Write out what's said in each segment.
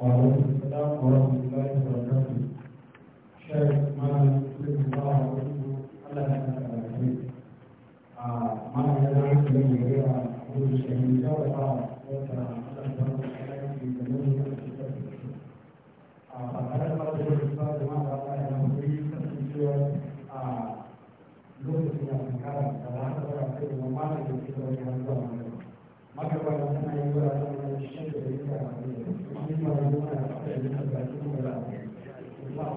وعليكم السلام ورحمة الله وبركاته شيخ مالا يسلم الله ورحمه الله يسلمك على الخير مالا يدعو من يبيع أبو الشهيد ويقع ويقع Gracias.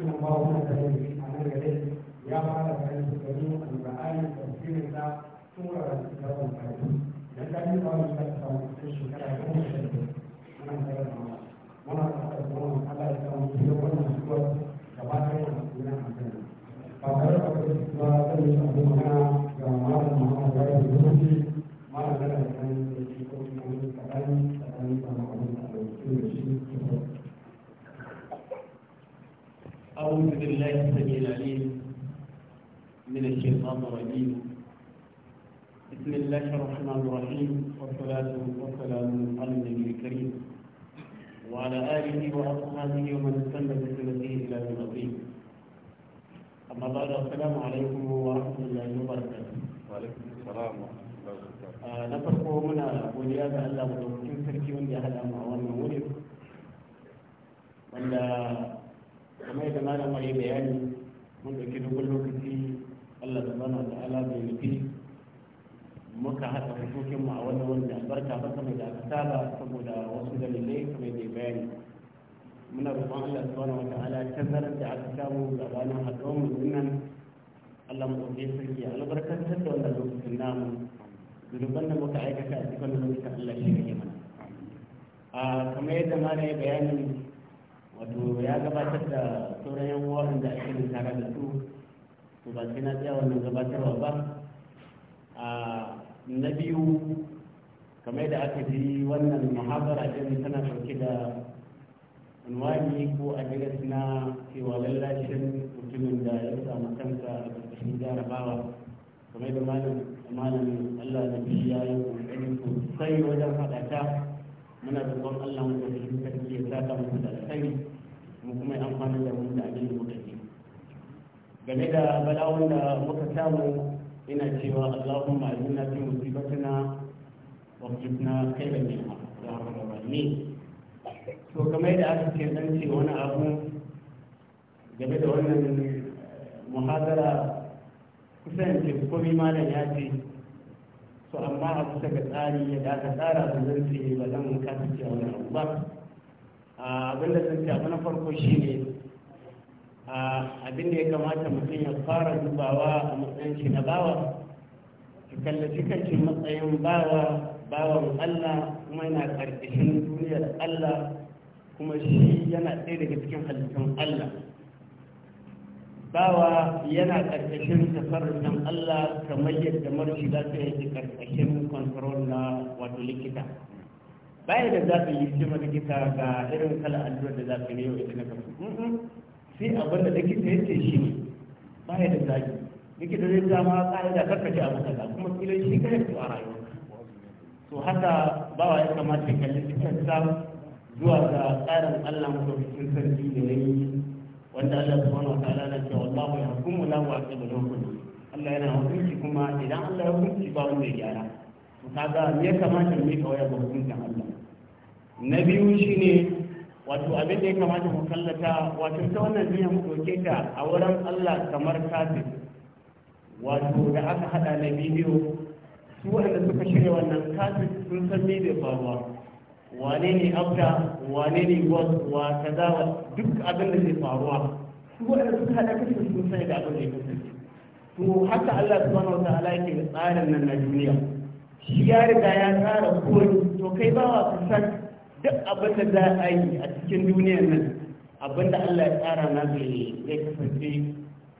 shi ba wannan da ne a nan gare ya fara bayan su gani alqur'ani tafsirin da sura da kitabun karatu dan ka yi ba mun ta samu cikin shekara goma sha biyar muna da mu muna tare da mu Allah ya samu cikin wannan suwar gaba ɗaya da sunan hankali ba tare da ba zai yi abu magana godiya ga Allah madaukakin sarki wanda ya haɗa mu a wannan wurin wanda kamar yadda ya bayani mun ɗauki dogon lokaci Allah subhanahu da ta'ala bai nufi muka haɗa hukukin mu a wannan wanda albarka ba kamar da aka saba saboda wasu dalilai kamar da bayani muna roƙon Allah subhanahu wa ta'ala tazarar da aka samu gabanin haɗuwar mu nan Allah mu ɗauke sarki albarkantar da wannan lokacin namu zunuban da muka aikata a cikin zunubi ta Allah shi ne mana a kamar yadda mara ya bayani wato ya gabatar da sauran yan uwan da ake da tare da su to ba sai na tsaya wannan gabatarwa ba a na biyu kamar yadda aka ji wannan muhabara din tana ɗauke da unwani ko adres na cewa lallashin mutumin da ya samu kansa a ƙarƙashin jarabawa kamar da malamin Allah da biyu ya yi ƙoƙari sosai wajen faɗata muna roƙon Allah mu da shi sarki ya saka mu da alkhairi mu kuma yi amfani da mu da abin da muka ji game da bala'un da muka samu ina cewa Allahumma ajina fi musibatina wa fitna khairan minha ya rabbal alamin to kamar da aka ce dan ce wani abu game da wannan eh, muhadara kusan ce komi malam ya ce to amma a kusa ga tsari ya da aka tsara su zan ce ba zan kasa ce wani abu ba abin da zan ce abu na farko shine abin da ya kamata mutum ya fara dubawa a matsayin shi na bawa ki kalla kanci matsayin bawa bawan Allah kuma yana karkashin duniyar Allah kuma shi yana ɗaya daga cikin halittun Allah bawa yana karkashin tasarrufin Allah kamar yadda marshi ta yake karkashin kontrol na wato likita baya da za su yi cima likita ga irin kala addu'ar da za ka yi ita na kafin sai abin da likita ya ce shi ne baya da zaki likita zai ta ma ƙa'ida karkace a kaza kuma kilo shi kai su a rayuwa to haka bawa ya kamata ya kalli cikin zuwa ga tsarin Allah mutum sarki da ya yi wanda Allah subhanahu wataala na cewa wallahu yahkumu la yu'aqibu li hukmi Allah yana hukunci kuma idan Allah ya hukunci ba wanda ya gyara to kaga me ya kamata mu yi kawai ga hukuncin Allah na biyu shine wato abin da ya kamata mu kallata wato ta wannan duniya mu doke ta a wurin Allah kamar kafin wato da aka hada na biyu, su wanda suka shirya wannan kafin sun san me bai faruwa wane ne abda wane ne wa kaza wa duk abin da zai faruwa su waɗanda suka haɗa kashin sun sani da abin da ya kasance to haka Allah subhanahu wa ta'ala yake da tsarin nan na duniya shi ya riga ya tsara komai to kai ba wa san duk abin da za a yi a cikin duniyar nan abin da Allah ya tsara na zai zai kasance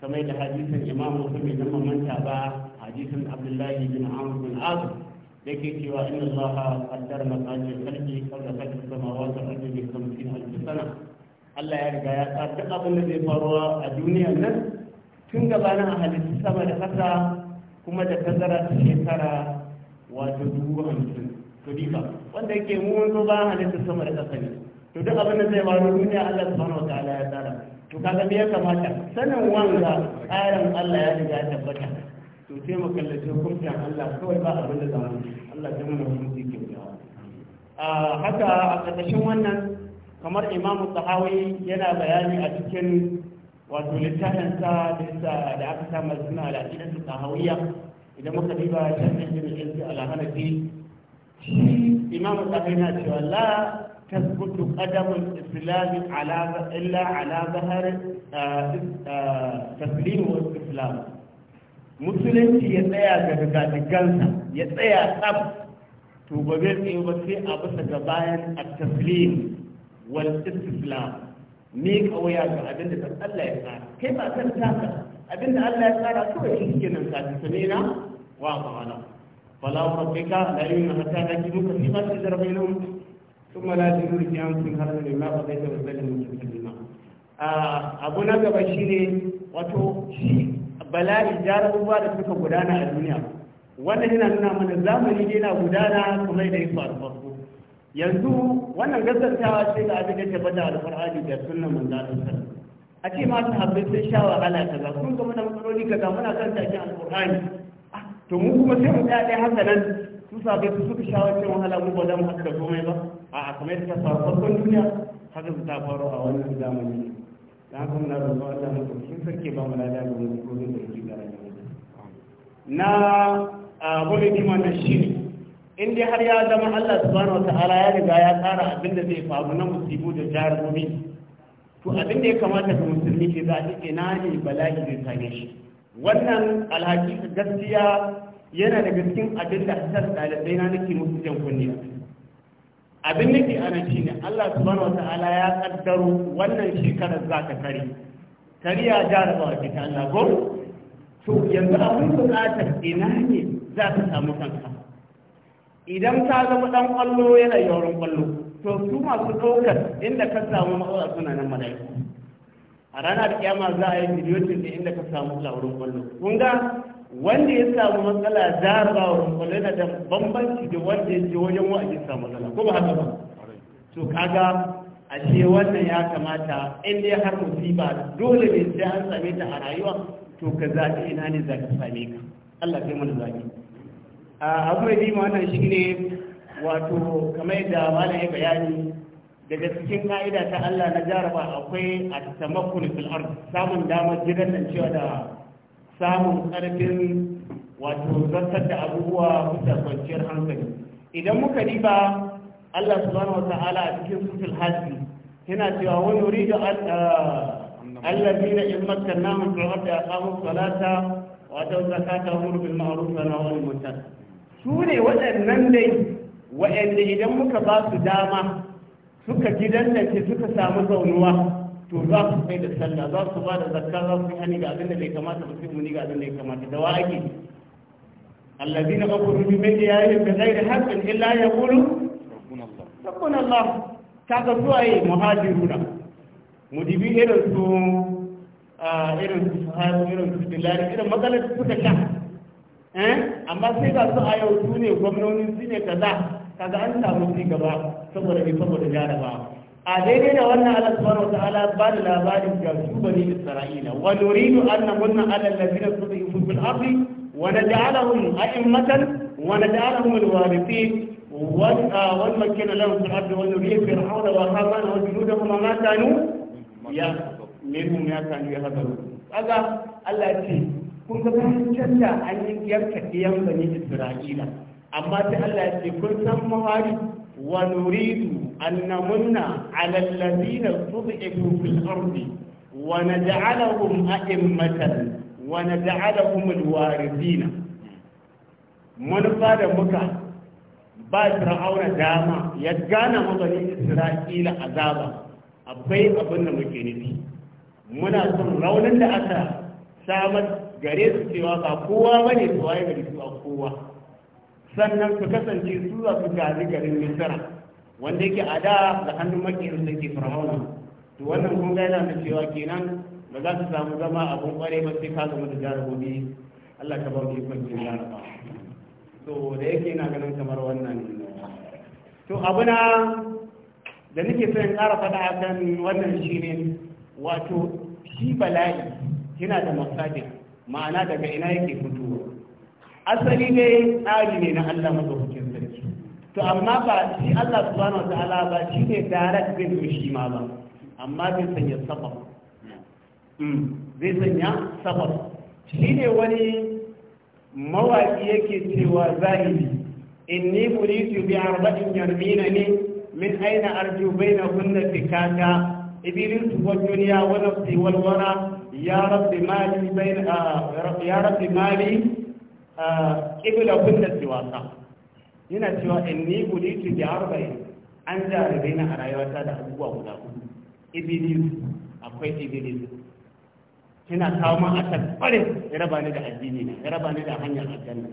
kamar da hadisin Imam Muslim idan mamanta ba hadisin Abdullahi bin Amr bin Abu da ke cewa inna Allah qaddara masajid sarki qabla khalqi samawati wal ardi bi 50000 sana Allah ya riga ya tsara duk abin da zai faruwa a duniyar nan tun gabanin a halittu sama da ƙasa kuma da tazara shekara wato dubu hamsin to dika wanda yake mu mun zo bayan halittu sama da ƙasa ne to duk abin da zai faru duniya Allah subhanahu wa ta'ala ya tsara to kaga me ya kamata sanin wanga tsarin Allah ya riga ya tabbata to sai mu kallace hukuncin Allah kawai ba abin da zamu Allah ta mana hukunci kyautawa a haka a ƙarƙashin wannan kamar imamu sahawi yana bayani a cikin wato littafinsa da aka samu suna al'adun sahawiyya idan muka diba shafin jirgin su alhanafi shi imamu sahawi na cewa la تثبت قدم الإسلام على إلا على ظهر تسليم واستسلام musulunci ya tsaya ga rigadigansa ya tsaya tsab to ba zai tsaye ba sai a bisa ga bayan a taslim wal istislam ne kawaya ga abin da Allah ya tsara kai ba kan taka abin da Allah ya tsara kawai shi ke nan kafi samina wa ma'ana fala wa rabbika la yuna hatta najidu ka fi ma tadra bainahum thumma la tajidu fi anfusihim harajan mimma qadaita wa sallimu taslima ah, abu na gaba shine wato shi bala'i jarabuwa da suka gudana a duniya wannan yana nuna mana zamani ne na gudana kuma idan yake faru farko yanzu wannan gaskantawa ce da abin da ke bada alfarhani da sunan manzalin sallah a ce ma su habbai sun sha wahala kaza kun ga mana matsaloli kaza muna kan takin alkur'ani ah, to mu kuma sai mu tsaya haka nan su sabai su suka sha wacce wahala mu ba za mu haka da komai ba a'a kuma yadda ta faru farkon duniya haka su ta faru a wannan zamani da haka muna roƙon Allah mu cikin sarki ba mu lada da wani ko da yake da rayuwa na bulletin na shine in dai har ya zama Allah subhanahu wataala ya riga ya tsara abin da zai faru na musibu da jarumi to abin da ya kamata ga musulmi ke za a ce na ne bala'i zai same shi wannan alhaki gaskiya yana da cikin abin da hasar ɗalibai na nake musu jan kunniya abin ke ana shi ne Allah subhanahu Ta'ala ya kaddaro wannan shekarar za ka kare kare ya jarabawa ke ta Allah ko to yanzu abin buƙatar ina ne za ka samu kanka idan ka zama ɗan ƙwallo yana yawon ƙwallo to su masu ɗaukar inda ka samu ma'aura suna nan mala'iku a ranar kiyama za a yi miliyotin da inda ka samu laurin ƙwallo kun ga wanda ya samu matsala wa kwallo yana da bambanci da wanda ya ce wajen wa'azi samu matsala ko ba haka ba to kaga ashe wannan ya kamata in dai har musiba dole ne sai an same ta a rayuwa to ka zaɓi ina ne za ka same ka Allah kai mana zaɓi abu mai bima wannan shi ne wato kamar yadda malam ya bayani daga cikin ka'ida ta Allah na jaraba akwai a tamakul fil ard samun damar gidan nan cewa da samun ƙarfin wato zartar da abubuwa da kwanciyar hankali idan muka riba Allah subhanahu wa ta'ala a cikin sutul hajji yana cewa wani wuri da ah, allazi na in makkannahum fi ardi aqamu salata wa atu zakata wa bil ma'ruf wa nahu anil munkar su ne waɗannan dai waɗanda idan muka ba su dama suka gidan da ke suka samu zaunuwa to za su kai da sallah za su ba da zakka za su hani ga abin da bai kamata ba sai mu ni ga abin da ya kamata da wa ake الذين أخرجوا من ديارهم بغير حق إلا يقولوا ربنا الله ربنا الله kaga zuwa yi muhajiruna mudibi irin su irin su sahabu irin su dillari irin magalar su ta sha eh? amma sai ga su a yau su ne gwamnoni su ne kaza kaga an samu ci gaba saboda ne saboda jarabawa a daidai da wannan Allah subhanahu wata'ala ba da labarin ga su Isra'ila wa nuridu an namunna ala allazina tudhifu fil ardi wa naj'alahum a'immatan wa naj'alahum al-warithin wa ah, makkana lahum fil ardi wa nuridu fir'auna wa hamana wa junudahum ma kanu ya minhum ya kanu yahdaru kaga Allah ce kun ga bayan canza an yi yarka diyan bani Isra'ila amma sai Allah ya ce kun san mahari wa nuridu أن على الذين استضعفوا في الأرض ونجعلهم أئمة ونجعلهم الوارثين من فاد مكة ba fir'auna dama ya gana mabanin isra'ila a akwai abin da muke nufi muna son raunin da aka samar gare ba kowa su waye a kowa sannan su kasance su za su gazi garin misra wanda yake a da da hannun makiyar da ke fir'auna to wannan kun ga na da cewa kenan ba za su samu zama abun kware ba sai ka zama da jarabobi Allah ka ba mu ikon jin jaraba to da yake na ganin kamar wannan to abuna da nake so in ƙara faɗa akan wannan shi ne, wato shi bala'i yana da masajin, ma'ana daga ina yake fitowa asali ne tsari ne na Allah madaukakin to amma ba shi Allah subhanahu wa ta'ala ba shi ne direct zai zo shi ma ba amma zai sanya sabab hmm, zai sanya sabab shi ne wani mawaƙi yake cewa zahiri inni muritu bi arba'in yarmina ne min aina arju bainahunna fikaka إبليس والدنيا ونفسي والورى يا رب مالي بين آه يا رب مالي آه قبل كل سواك yana cewa in inni bulitu da arba'in an jarabe na a rayuwata da abubuwa guda hudu ibilis akwai ibilis yana kawo ma a tabbarin ya raba ni da addini na ya raba ni da hanyar aljanna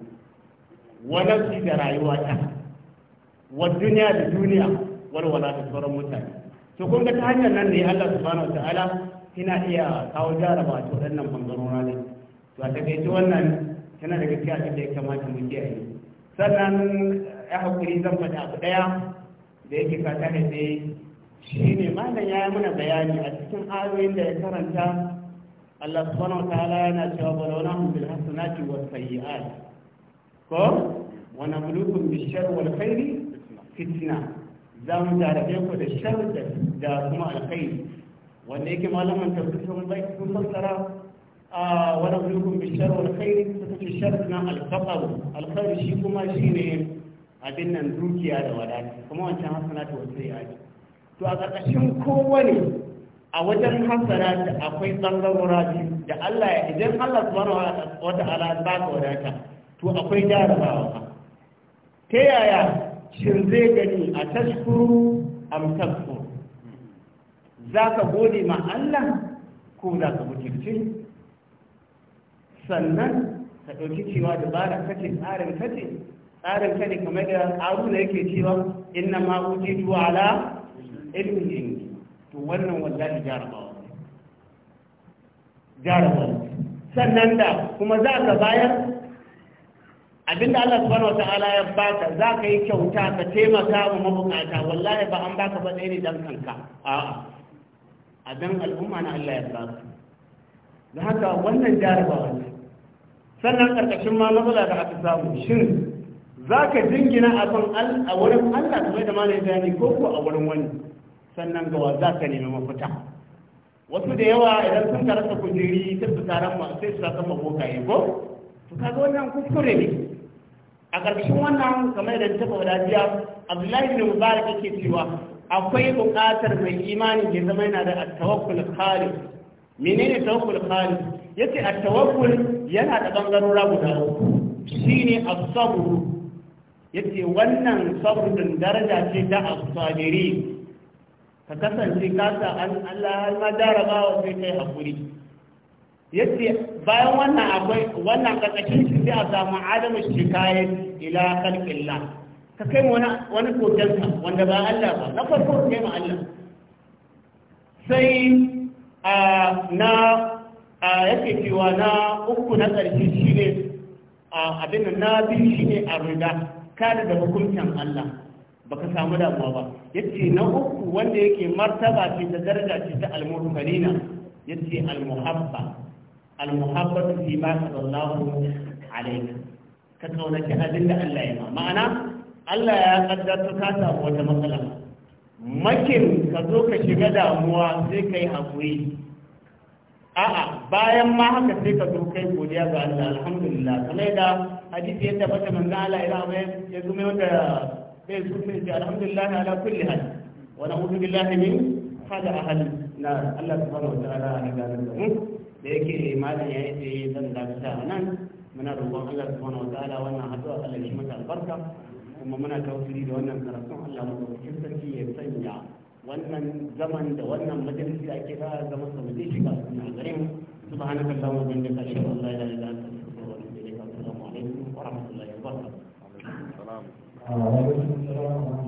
walauci da rayuwata wa duniya da duniya walwala da sauran mutane to kun ga ta hanyar nan ne Allah subhanahu wa ta'ala kina iya kawo jaraba ta waɗannan bangarora ne to a takaice wannan tana daga cikin abin da ya kamata mu kiyaye sannan ya hakuri zan faɗi abu ɗaya da yake fata da sai shi ne malam ya yi mana bayani a cikin ayoyin da ya karanta Allah subhanahu ta'ala yana cewa balona hum bil hasanati was sayyi'at ko wa nabluukum bis sharri wal khairi fitna za mu tarafe ku da sharri da kuma alkhairi wanda yake malaman tafsir sun bai sun fassara wani ونبلوكم بالشر والخير الشر na الفقر الخير shi kuma shi ne abin nan dukiya da wadata kuma wancan hasana ta wasu ya ji to a ƙarƙashin kowane a wajen hasana da akwai tsangarora biyu da Allah ya idan Allah subhanahu wata ta'ala ba ka wadata to akwai jarabawa ta yaya shin zai gani a tashkuru am tashkuru za ka gode ma Allah ko za ka mutunci sannan ka ɗauki cewa dabara kace tsarin kace tsarin kace kamar da da yake cewa inna ma zuwa ala ilmin indi to wannan wallahi jarabawa jarabawa sannan da kuma za ka bayar abinda Allah subhanahu wataala ya baka za ka yi kyauta ka taimaka wa mabukata wallahi ba an baka ba ne dan kanka a'a a dan al'umma na Allah ya baka da haka wannan jarabawa ne sannan karkashin ma matsala da aka samu shin za ka jingina abin a wurin allah kamar da malayin bayani ko ko a wurin wani sannan gawa za ka nemi mafita wasu da yawa idan sun karasa kujeri sai su taron ma sai su taron mabokaye ko Su kaga wannan kuskure ne a ƙarƙashin wannan kamar da ta faɗa jiya abdullahi ne mubarak yake cewa akwai buƙatar mai imani ke zama yana da tawakkul khalid menene tawakkul khalid yace a tawakkul yana da bangarora guda uku shine as-sabr yace wannan sabrin daraja ce ta as-sabiri ka kasance ka sa an Allah ma jarabawa sai kai hakuri yace bayan wannan akwai wannan kasashen shi sai a samu adamu shikayat ila khalqillah ka kai wani wani ka wanda ba Allah ba na farko kai ma Allah sai ah, na a yake cewa na uku na ƙarshe shi ne a abin da na biyu shi ne a rida kada da hukuncin Allah ba ka samu damuwa ba yace na uku wanda yake martaba ce ta daraja ce ta al-mursalina yace al-muhabba al-muhabba fi ma sallallahu alaihi ka Ka abin da Allah ya ma ma'ana Allah ya kaddarta ka samu wata matsala makin ka zo ka shiga damuwa sai kai hakuri a'a bayan ma haka sai ka zo kai godiya ga Allah alhamdulillah kamar da hadisi yadda bata manzo Allah ila mai ya zo mai wanda zai so mai ce alhamdulillah ala kulli hal wa na'udhu billahi min hada ahli na Allah subhanahu wa ta'ala ya gane da mu da yake malam ya yi zan dakata nan muna roƙon Allah subhanahu wa ta'ala wannan haduwa Allah ya mata albarka kuma muna tausiri da wannan karatun Allah mu sarki ya sanya wannan zaman da wannan majalisi ake fara zama sa mutum shiga suna gare mu subhanaka allahumma wa bihamdika ashhadu an la ilaha illa anta astaghfiruka wa atubu ilaik assalamu alaikum wa rahmatullahi wa barakatuh